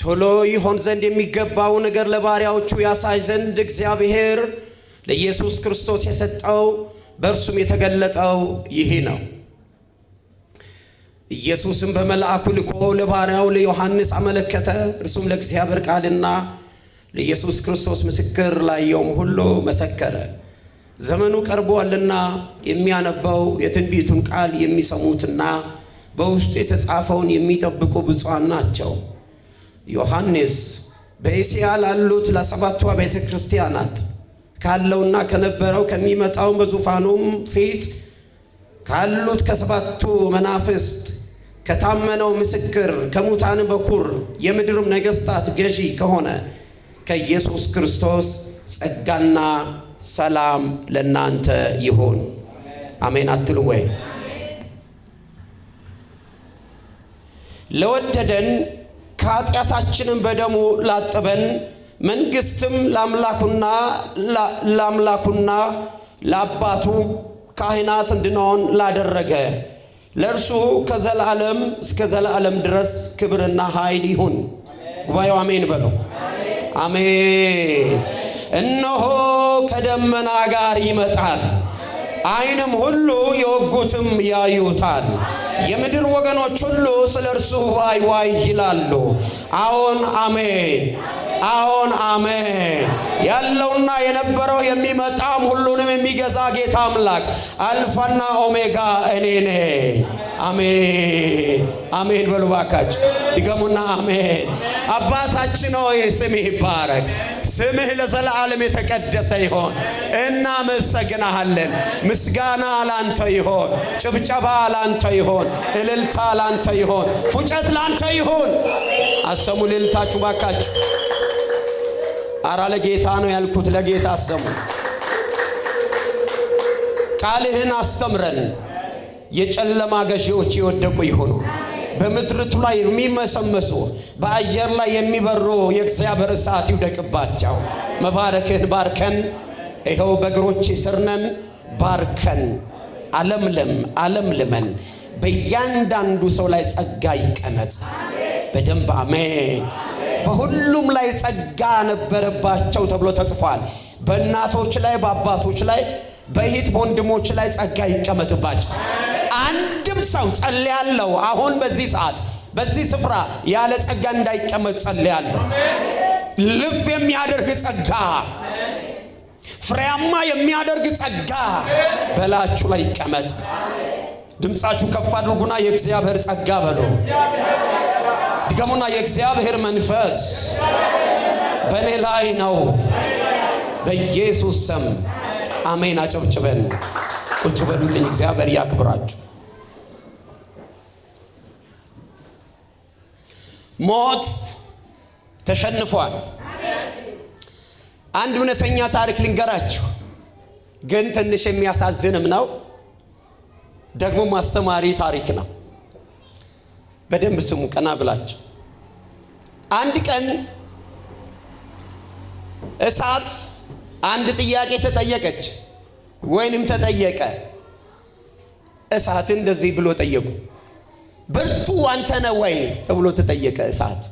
ቶሎ ይሆን ዘንድ የሚገባው ነገር ለባሪያዎቹ ያሳይ ዘንድ እግዚአብሔር ለኢየሱስ ክርስቶስ የሰጠው በእርሱም የተገለጠው ይሄ ነው። ኢየሱስም በመልአኩ ልኮ ለባሪያው ለዮሐንስ አመለከተ። እርሱም ለእግዚአብሔር ቃልና ለኢየሱስ ክርስቶስ ምስክር ላየውም ሁሉ መሰከረ። ዘመኑ ቀርቧልና የሚያነበው የትንቢቱን ቃል የሚሰሙትና በውስጡ የተጻፈውን የሚጠብቁ ብፁዓን ናቸው። ዮሐንስ በእስያ ላሉት ለሰባቷ ቤተ ክርስቲያናት ካለውና ከነበረው ከሚመጣው በዙፋኑም ፊት ካሉት ከሰባቱ መናፍስት ከታመነው ምስክር ከሙታን በኩር የምድርም ነገሥታት ገዢ ከሆነ ከኢየሱስ ክርስቶስ ጸጋና ሰላም ለእናንተ ይሁን። አሜን አትሉ ወይ? ለወደደን ከኃጢአታችንም በደሙ ላጠበን መንግሥትም ለአምላኩና ለአምላኩና ለአባቱ ካህናት እንድንሆን ላደረገ ለእርሱ ከዘላለም እስከ ዘላለም ድረስ ክብርና ኃይል ይሁን። ጉባኤው አሜን በሉ። አሜን። እነሆ ከደመና ጋር ይመጣል፣ ዓይንም ሁሉ የወጉትም ያዩታል። የምድር ወገኖች ሁሉ ስለ እርሱ ዋይ ዋይ ይላሉ። አዎን አሜን፣ አዎን አሜን። ያለውና የነበረው የሚመጣም ሁሉንም የሚገዛ ጌታ አምላክ አልፋና ኦሜጋ እኔ ነኝ። አሜን አሜን በሉ ባካችሁ ድገሙና አሜን አባታችን ሆይ ስምህ ይባረክ። ስምህ ለዘላለም የተቀደሰ ይሆን። እናመሰግናሃለን። ምስጋና ላንተ ይሆን፣ ጭብጨባ ላንተ ይሆን፣ እልልታ ላንተ ይሆን፣ ፉጨት ላንተ ይሆን። አሰሙ ልልታችሁ ባካችሁ። አራ ለጌታ ነው ያልኩት፣ ለጌታ አሰሙ። ቃልህን አስተምረን። የጨለማ ገዢዎች የወደቁ ይሁኑ። በምድርቱ ላይ የሚመሰመሱ በአየር ላይ የሚበሩ የእግዚአብሔር እሳት ይውደቅባቸው። መባረክህን ባርከን፣ ይኸው በእግሮች ስርነን ባርከን፣ አለምልም አለምልመን። በእያንዳንዱ ሰው ላይ ጸጋ ይቀመጥ። በደንብ አሜን። በሁሉም ላይ ጸጋ ነበረባቸው ተብሎ ተጽፏል። በእናቶች ላይ፣ በአባቶች ላይ፣ በእህት በወንድሞች ላይ ጸጋ ይቀመጥባቸው። አንድ ሰው ጸልያለሁ፣ አሁን በዚህ ሰዓት በዚህ ስፍራ ያለ ጸጋ እንዳይቀመጥ ጸልያለሁ። ልፍ የሚያደርግ ጸጋ፣ ፍሬያማ የሚያደርግ ጸጋ በላችሁ ላይ ይቀመጥ። ድምፃችሁ ከፍ አድርጉና የእግዚአብሔር ጸጋ በሎ ድገሙና፣ የእግዚአብሔር መንፈስ በእኔ ላይ ነው በኢየሱስ ስም አሜን። አጨብጭበን ቁጭ በሉልኝ። እግዚአብሔር ያክብራችሁ። ሞት ተሸንፏል። አንድ እውነተኛ ታሪክ ልንገራችሁ፣ ግን ትንሽ የሚያሳዝንም ነው፣ ደግሞ ማስተማሪ ታሪክ ነው። በደንብ ስሙ ቀና ብላችሁ። አንድ ቀን እሳት አንድ ጥያቄ ተጠየቀች ወይንም ተጠየቀ። እሳትን እንደዚህ ብሎ ጠየቁ ብርቱ አንተ ነህ ወይ ተብሎ ተጠየቀ እሳት።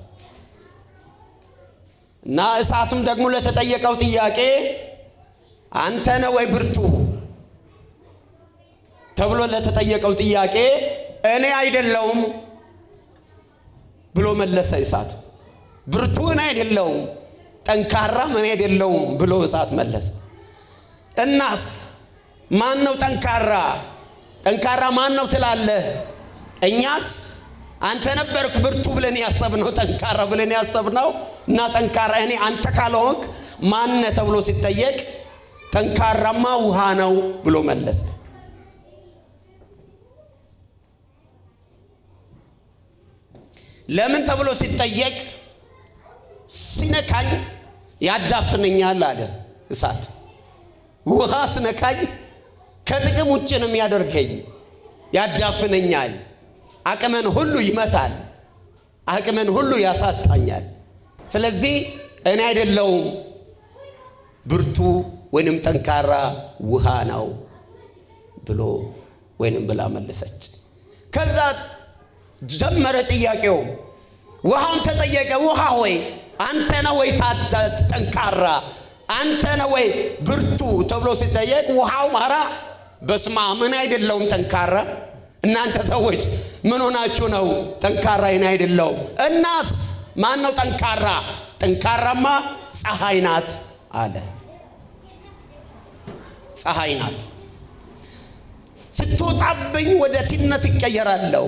እና እሳትም ደግሞ ለተጠየቀው ጥያቄ አንተ ነህ ወይ ብርቱ ተብሎ ለተጠየቀው ጥያቄ እኔ አይደለሁም ብሎ መለሰ እሳት። ብርቱ እኔ አይደለሁም፣ ጠንካራ እኔ አይደለሁም ብሎ እሳት መለሰ። እናስ ማን ነው ጠንካራ? ጠንካራ ማን ነው ትላለህ? እኛስ አንተ ነበርክ ብርቱ ብለን ያሰብነው ጠንካራ ብለን ያሰብነው እና ጠንካራ እኔ አንተ ካልሆንክ ማነ ተብሎ ሲጠየቅ ጠንካራማ ውሃ ነው ብሎ መለሰ። ለምን ተብሎ ሲጠየቅ ሲነካኝ ያዳፍነኛል አለ እሳት። ውሃ ስነካኝ ከጥቅም ውጭ ነው የሚያደርገኝ፣ ያዳፍነኛል አቅምን ሁሉ ይመታል፣ አቅምን ሁሉ ያሳጣኛል። ስለዚህ እኔ አይደለውም ብርቱ ወይንም ጠንካራ ውሃ ነው ብሎ ወይንም ብላ መለሰች። ከዛ ጀመረ ጥያቄው። ውሃውን ተጠየቀ። ውሃ ሆይ አንተ ነ ወይ ጠንካራ አንተ ነ ወይ ብርቱ ተብሎ ሲጠየቅ ውሃው ማራ በስማ ምን አይደለውም ጠንካራ እናንተ ሰዎች ምን ሆናችሁ ነው? ጠንካራ ይን አይደለውም። እናስ ማን ነው ጠንካራ? ጠንካራማ ፀሐይ ናት አለ። ፀሐይ ናት። ስትወጣብኝ ወደ ቲነት ይቀየራለሁ።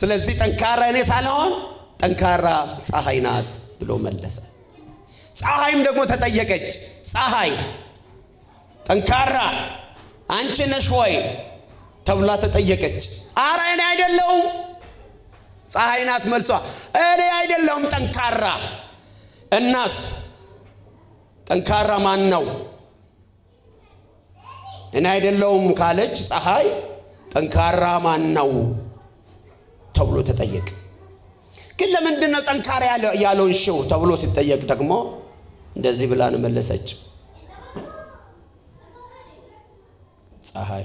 ስለዚህ ጠንካራ እኔ ሳልሆን ጠንካራ ፀሐይ ናት ብሎ መለሰ። ፀሐይም ደግሞ ተጠየቀች። ፀሐይ ጠንካራ አንቺ ነሽ ወይ ተብላ ተጠየቀች። አረ እኔ አይደለሁም። ፀሐይ ናት መልሷ። እኔ አይደለሁም ጠንካራ። እናስ ጠንካራ ማን ነው? እኔ አይደለሁም ካለች ፀሐይ ጠንካራ ማን ነው ተብሎ ተጠየቅ። ግን ለምንድን ነው ጠንካራ ያለውን ሽው ተብሎ ሲጠየቅ ደግሞ እንደዚህ ብላን መለሰች ፀሐይ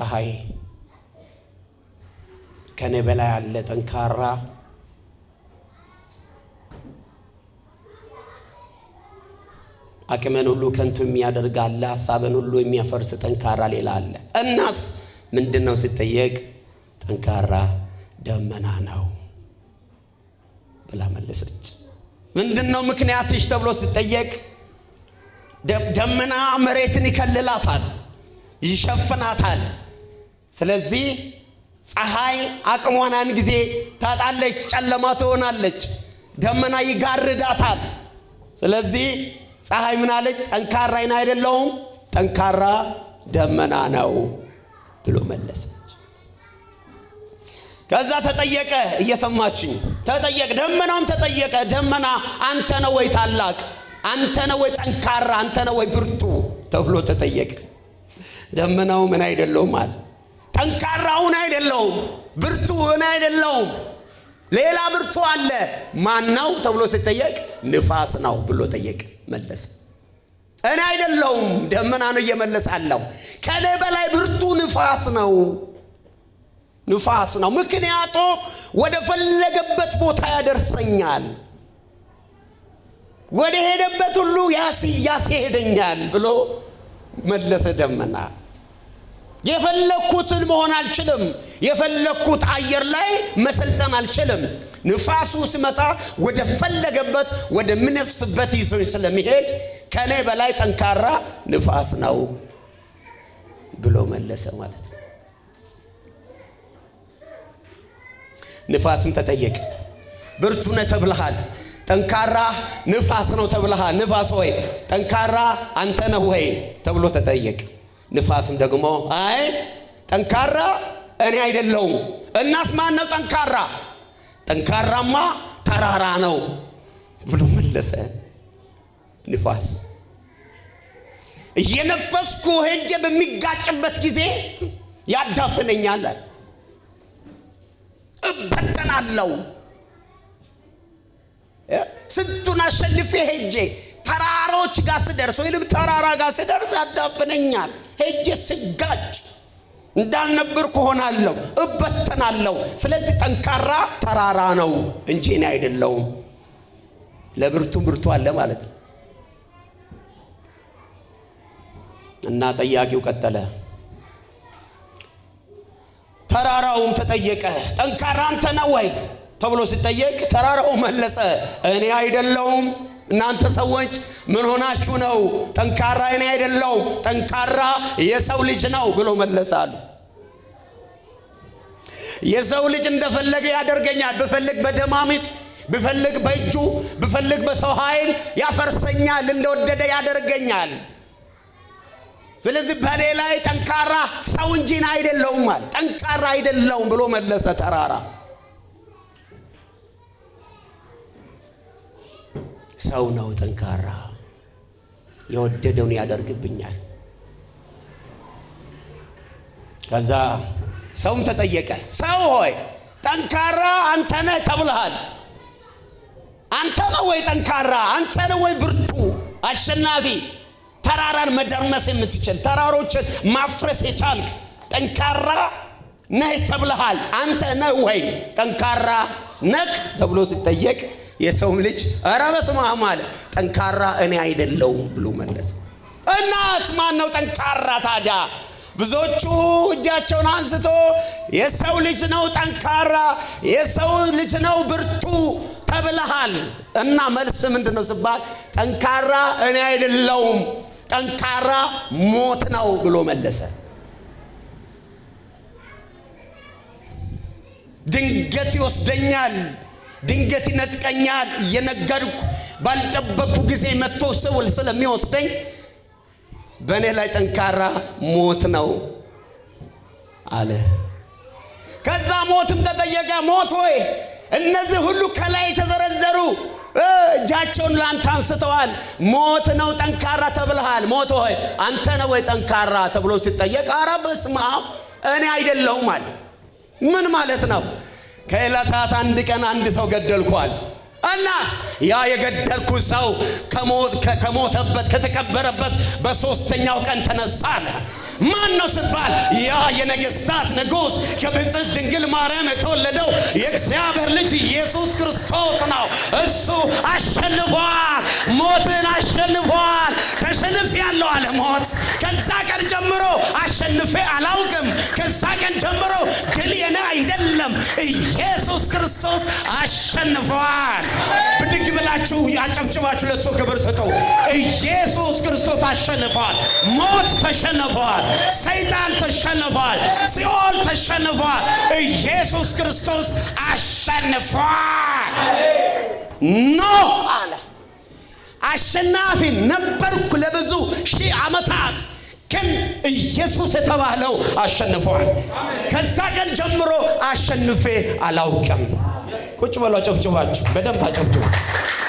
ፀሐይ ከኔ በላይ አለ ጠንካራ አቅመን ሁሉ ከንቱ የሚያደርግ አለ፣ ሀሳብን ሁሉ የሚያፈርስ ጠንካራ ሌላ አለ። እናስ ምንድን ነው ሲጠየቅ ጠንካራ ደመና ነው ብላ መለሰች። ምንድን ነው ምክንያትሽ ተብሎ ሲጠየቅ ደመና መሬትን ይከልላታል፣ ይሸፍናታል ስለዚህ ፀሐይ አቅሟን ጊዜ ታጣለች፣ ጨለማ ትሆናለች፣ ደመና ይጋርዳታል። ስለዚህ ፀሐይ ምናለች? ጠንካራ አይን አይደለውም፣ ጠንካራ ደመና ነው ብሎ መለሰች። ከዛ ተጠየቀ፣ እየሰማችኝ ተጠየቀ። ደመናውም ተጠየቀ፣ ደመና አንተ ነው ወይ ታላቅ፣ አንተ ነው ወይ ጠንካራ፣ አንተ ነው ወይ ብርቱ ተብሎ ተጠየቀ። ደመናው ምን አይደለውም አለ ጠንካራውን አይደለውም፣ ብርቱውን አይደለውም። ሌላ ብርቱ አለ። ማን ነው ተብሎ ሲጠየቅ ንፋስ ነው ብሎ ጠየቅ መለሰ። እኔ አይደለውም ደመና ነው እየመለሳለሁ። ከኔ በላይ ብርቱ ንፋስ ነው ንፋስ ነው። ምክንያቱ ወደ ፈለገበት ቦታ ያደርሰኛል፣ ወደ ሄደበት ሁሉ ያስሄደኛል ብሎ መለሰ ደመና። የፈለግኩትን መሆን አልችልም። የፈለግኩት አየር ላይ መሰልጠን አልችልም። ንፋሱ ሲመጣ ወደ ፈለገበት ወደ ምነፍስበት ይዞኝ ስለሚሄድ ከእኔ በላይ ጠንካራ ንፋስ ነው ብሎ መለሰ ማለት ነው። ንፋስም ተጠየቀ። ብርቱ ነህ ጠንካራ ንፋስ ነው ተብልሃል። ንፋስ ሆይ ጠንካራ አንተ ነህ ወይ ተብሎ ተጠየቀ። ንፋስም ደግሞ አይ ጠንካራ እኔ አይደለሁም። እናስ ማን ነው ጠንካራ? ጠንካራማ ተራራ ነው ብሎ መለሰ። ንፋስ እየነፈስኩ ሄጀ በሚጋጭበት ጊዜ ያዳፍነኛል፣ እበተናለው። ስንቱን አሸንፌ ሄጄ ተራሮች ጋር ስደርስ ወይም ተራራ ጋር ስደርስ ያዳፍነኛል። ሄጄ ስጋጭ እንዳልነበርኩ ሆናለሁ፣ እበተናለሁ። ስለዚህ ጠንካራ ተራራ ነው እንጂ እኔ አይደለሁም። ለብርቱ ብርቱ አለ ማለት ነው። እና ጠያቂው ቀጠለ። ተራራውም ተጠየቀ፣ ጠንካራ አንተ ነህ ወይ ተብሎ ሲጠየቅ ተራራው መለሰ፣ እኔ አይደለሁም እናንተ ሰዎች ምን ሆናችሁ ነው? ጠንካራ እኔ አይደለው፣ ጠንካራ የሰው ልጅ ነው ብሎ መለሳሉ። የሰው ልጅ እንደፈለገ ያደርገኛል፣ ብፈልግ በደማሚት ብፈልግ በእጁ ብፈልግ በሰው ኃይል ያፈርሰኛል፣ እንደወደደ ያደርገኛል። ስለዚህ በእኔ ላይ ጠንካራ ሰው እንጂን አይደለውም አለ። ጠንካራ አይደለውም ብሎ መለሰ ተራራ። ሰው ነው ጠንካራ የወደደውን ያደርግብኛል። ከዛ ሰውም ተጠየቀ። ሰው ሆይ ጠንካራ አንተ ነህ ተብልሃል። አንተ ነው ወይ ጠንካራ? አንተ ነው ወይ ብርቱ አሸናፊ? ተራራን መደርመስ የምትችል ተራሮችን ማፍረስ የቻልክ ጠንካራ ነህ ተብልሃል። አንተ ነህ ወይ ጠንካራ ነክ ተብሎ ሲጠየቅ የሰውም ልጅ ኧረ በስመ አብ አለ። ጠንካራ እኔ አይደለውም ብሎ መለሰ። እናስ ማን ነው ጠንካራ ታዲያ? ብዙዎቹ እጃቸውን አንስቶ የሰው ልጅ ነው ጠንካራ፣ የሰው ልጅ ነው ብርቱ ተብለሃል። እና መልስ ምንድን ነው ስባል ጠንካራ እኔ አይደለውም ጠንካራ ሞት ነው ብሎ መለሰ። ድንገት ይወስደኛል ድንገት ይነጥቀኛል። እየነገርኩ ባልጠበቅኩ ጊዜ መጥቶ ስውል ስለሚወስደኝ በእኔ ላይ ጠንካራ ሞት ነው አለ። ከዛ ሞትም ተጠየቀ። ሞት ሆይ እነዚህ ሁሉ ከላይ የተዘረዘሩ እጃቸውን ለአንተ አንስተዋል። ሞት ነው ጠንካራ ተብልሃል። ሞት ሆይ አንተ ነው ወይ ጠንካራ ተብሎ ሲጠየቅ፣ አረ በስመ አብ እኔ አይደለሁም አለ። ምን ማለት ነው? ከእለታት አንድ ቀን አንድ ሰው ገደልኳል። እናስ ያ የገደልኩ ሰው ከሞተበት ከተቀበረበት በሦስተኛው ቀን ተነሳ አለ። ማን ነው ስባል ያ የነገሥታት ንጉሥ ከብፅዕት ድንግል ማርያም የተወለደው የእግዚአብሔር ልጅ ኢየሱስ ክርስቶስ ነው። እሱ አሸንፏል፣ ሞትን አሸንፏል። ተሸንፍ ያለው አለ ሞት። ከዛ ቀን ጀምሮ አሸንፌ አላውቅም። ከዛ ቀን ጀምሮ ኢየሱስ ክርስቶስ አሸንፈዋል። ብድግ ብላችሁ አጨብጭባችሁ ለእሱ ክብር ስጡ። ኢየሱስ ክርስቶስ አሸንፈዋል። ሞት ተሸንፈዋል። ሰይጣን ተሸንፈዋል። ሲኦል ተሸንፈዋል። ኢየሱስ ክርስቶስ አሸንፈዋል። ኖህ አለ አሸናፊ ነበርኩ ለብዙ ሺህ ዓመታት ግን ኢየሱስ የተባለው አሸንፏል። ከዛ ቀን ጀምሮ አሸንፌ አላውቅም። ቁጭ በሏ፣ ጨብጭባችሁ በደንብ አጨብጭቡ።